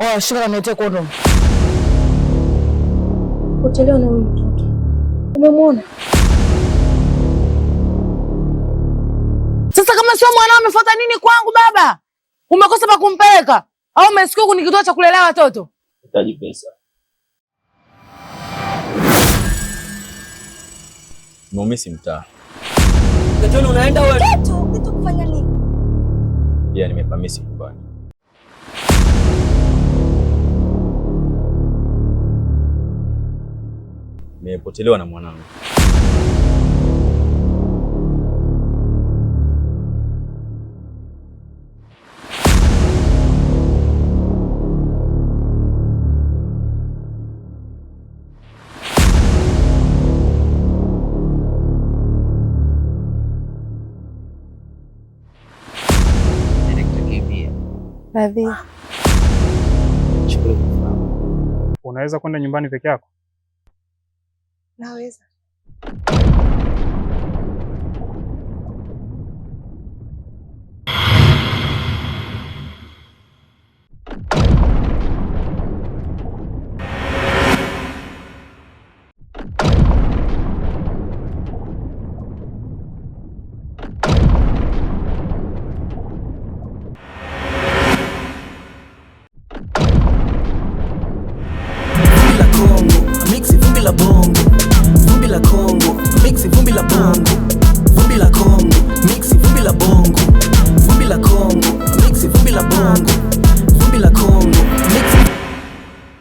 Oh, shika kaniletee kondomu. Utelewa na huyu mtoto. Umemwona? Sasa kama sio mwanao umefuata nini kwangu baba? Umekosa pa kumpeleka au umesikia huku ni kituo cha kulelea watoto? Hitaji pesa. Mumisi mtaa. Kitu Kitu kufanya nini? Yeah, nimepamisi nyumbani. nimepotelewa na mwanangu. Unaweza kwenda nyumbani peke yako? Naweza. vumbi la bongo